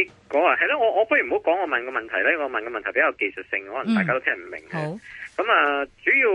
結果係咯，我我不如唔好講。我問個問題咧，我問個問題比較技術性，可能大家都聽唔明嘅。咁啊、嗯，主要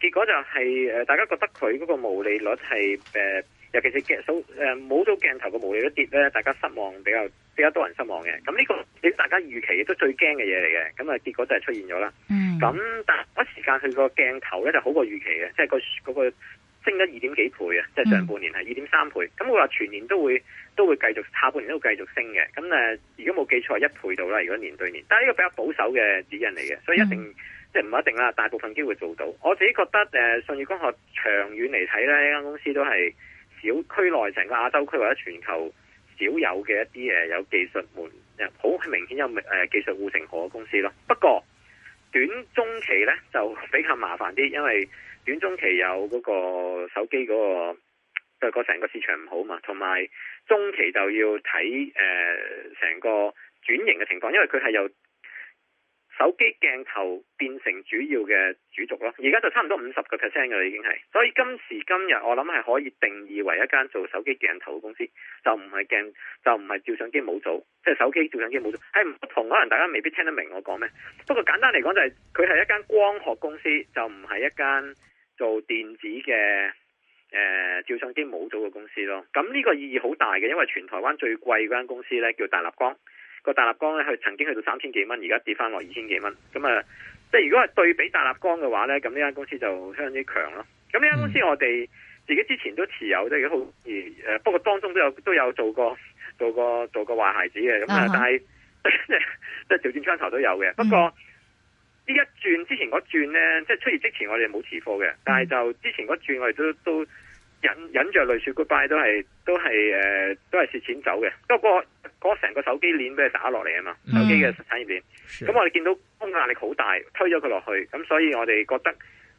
結果就係、是、誒、呃，大家覺得佢嗰個毛利率係誒、呃，尤其是鏡頭誒，冇咗鏡頭嘅毛利率跌咧，大家失望比較比較多人失望嘅。咁呢、這個你大家預期都最驚嘅嘢，嚟嘅，咁啊結果就係出現咗啦。咁、嗯、但係一時間佢個鏡頭咧就好過預期嘅，即係個、那個。那個升咗二點幾倍啊！即係上半年係二點三倍，咁、嗯、我話全年都會都會繼續，下半年都會繼續升嘅。咁誒，如果冇記錯，係一倍到啦。如果年對年，但係呢個比較保守嘅指引嚟嘅，所以一定、嗯、即係唔一定啦。大部分機會做到，我自己覺得誒舜宇光學長遠嚟睇咧，呢間公司都係小區內成個亞洲區或者全球少有嘅一啲誒有技術門，好明顯有誒、呃、技術護城河嘅公司咯。不過，短中期呢就比較麻煩啲，因為短中期有嗰個手機嗰、嗰個即係個成個市場唔好嘛，同埋中期就要睇誒成個轉型嘅情況，因為佢係由手機鏡頭變成主要嘅主軸咯，而家就差唔多五十個 percent 㗎喇，已經係。所以今時今日，我諗係可以定義為一間做手機鏡頭嘅公司，就唔係鏡，就唔係照相機模組，即係手機照相機模組，係唔同，可能大家未必聽得明我講咩。不過簡單嚟講就係、是，佢係一間光學公司，就唔係一間做電子嘅誒、呃、照相機模組嘅公司咯。咁呢個意義好大嘅，因為全台灣最貴嗰間公司呢，叫大立光。個大立光咧，佢曾經去到三千幾蚊，而家跌翻落二千幾蚊。咁、嗯、啊，即係如果係對比大立光嘅話咧，咁呢間公司就相當之強咯。咁呢間公司我哋自己之前都持有，即係好誒，不過當中都有都有做過做過做過壞孩子嘅。咁、嗯、但係即係調轉槍頭都有嘅。Uh huh. 不過呢一轉之前嗰轉咧，即係出現之前我哋冇持貨嘅，但係就之前嗰轉我哋都都忍忍着淚說 goodbye，都係都係誒都係蝕錢走嘅。不過。嗰成個手機鏈俾佢打落嚟啊嘛，手機嘅產業鏈。咁、嗯、我哋見到空壓力好大，推咗佢落去，咁所以我哋覺得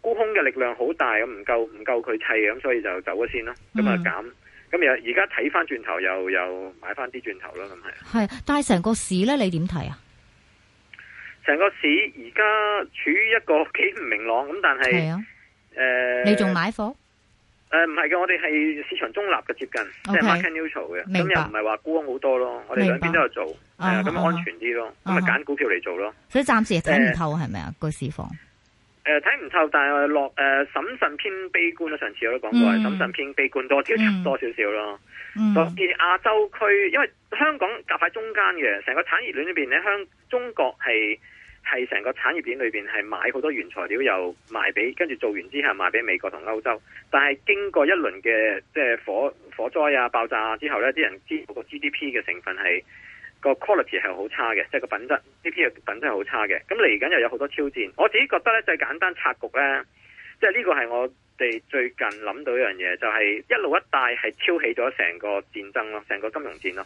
沽空嘅力量好大，咁唔夠唔夠佢砌，咁所以就走咗先咯。咁啊、嗯、減，咁又而家睇翻轉頭又又買翻啲轉頭咯，咁係、啊。係，但係成個市咧，你點睇啊？成個市而家處於一個幾唔明朗，咁但係，誒、啊，呃、你仲買貨？誒，唔係嘅，我哋係市場中立嘅接近，即係 market neutral 嘅，咁又唔係話孤翁好多咯。我哋兩邊都有做，係啊，咁安全啲咯。咁咪揀股票嚟做咯。所以暫時係睇唔透係咪啊個市況？誒，睇唔透，但係落誒，審慎偏悲觀咯。上次我都講過，審慎偏悲觀，多挑戰多少少咯。嗯，見亞洲區，因為香港夾喺中間嘅，成個產業鏈裏邊咧，香中國係。係成個產業鏈裏邊，係買好多原材料，又賣俾，跟住做完之後賣俾美國同歐洲。但係經過一輪嘅即係火火災啊、爆炸啊之後，呢啲人知個 GDP 嘅成分係個 quality 係好差嘅，即係個品質，呢批嘅品質係好差嘅。咁嚟緊又有好多挑戰。我自己覺得咧，最、就係、簡單拆局呢，即係呢個係我哋最近諗到一樣嘢，就係、係、一路一帶係挑起咗成個戰爭咯，成個金融戰咯，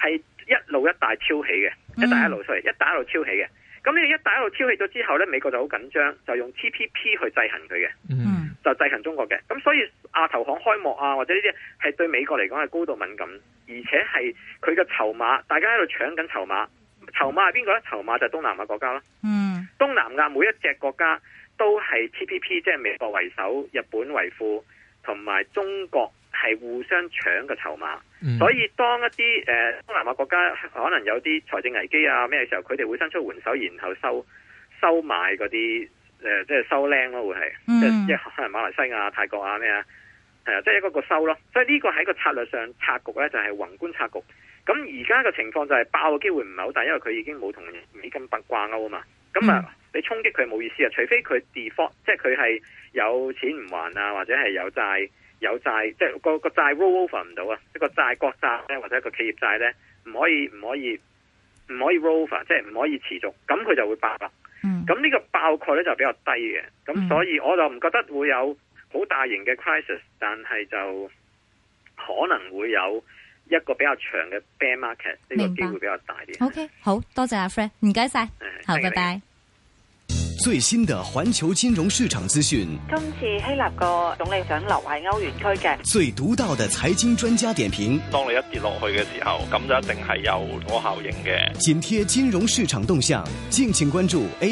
係一路一帶挑起嘅，一帶一路出嚟，mm. Sorry, 一帶一路挑起嘅。咁你一帶一路挑起咗之後呢，美國就好緊張，就用 T P P 去制衡佢嘅，就制衡中國嘅。咁所以亞投行開幕啊，或者呢啲係對美國嚟講係高度敏感，而且係佢嘅籌碼，大家喺度搶緊籌碼，籌碼係邊個呢？籌碼就係東南亞國家啦。嗯，東南亞每一隻國家都係 T P P，即係美國為首，日本為輔，同埋中國。係互相搶嘅籌碼，嗯、所以當一啲誒、呃、東南亞國家可能有啲財政危機啊咩嘅時候，佢哋會伸出援手，然後收收買嗰啲誒，即係收靚咯、啊，會係、嗯、即係可能馬來西亞、泰國啊咩啊，係啊，即係一個一個收咯。所以呢個喺個策略上拆局咧，就係宏觀拆局。咁而家嘅情況就係爆嘅機會唔係好大，因為佢已經冇同美金綁掛鈎啊嘛。咁啊，你衝擊佢冇意思啊，除非佢 default，即係佢係有錢唔還啊，或者係有債。有債即係個債 rollover 唔到啊！即係個債國債咧，或者一個企業債咧，唔可以唔可以唔可以 rollover，即係唔可以持續，咁佢就會爆啦。嗯，咁呢個爆概率就比較低嘅，咁所以我就唔覺得會有好大型嘅 crisis，但係就可能會有一個比較長嘅 bear market 呢白個機會比較大啲。OK，好多謝阿 Fred，唔該晒，好，拜拜好。最新的環球金融市場資訊。今次希臘個總理想留喺歐元區嘅。最獨到的財經專家點評。當你一跌落去嘅時候，咁就一定係有個效應嘅。緊貼金融市場動向，敬請關注 A。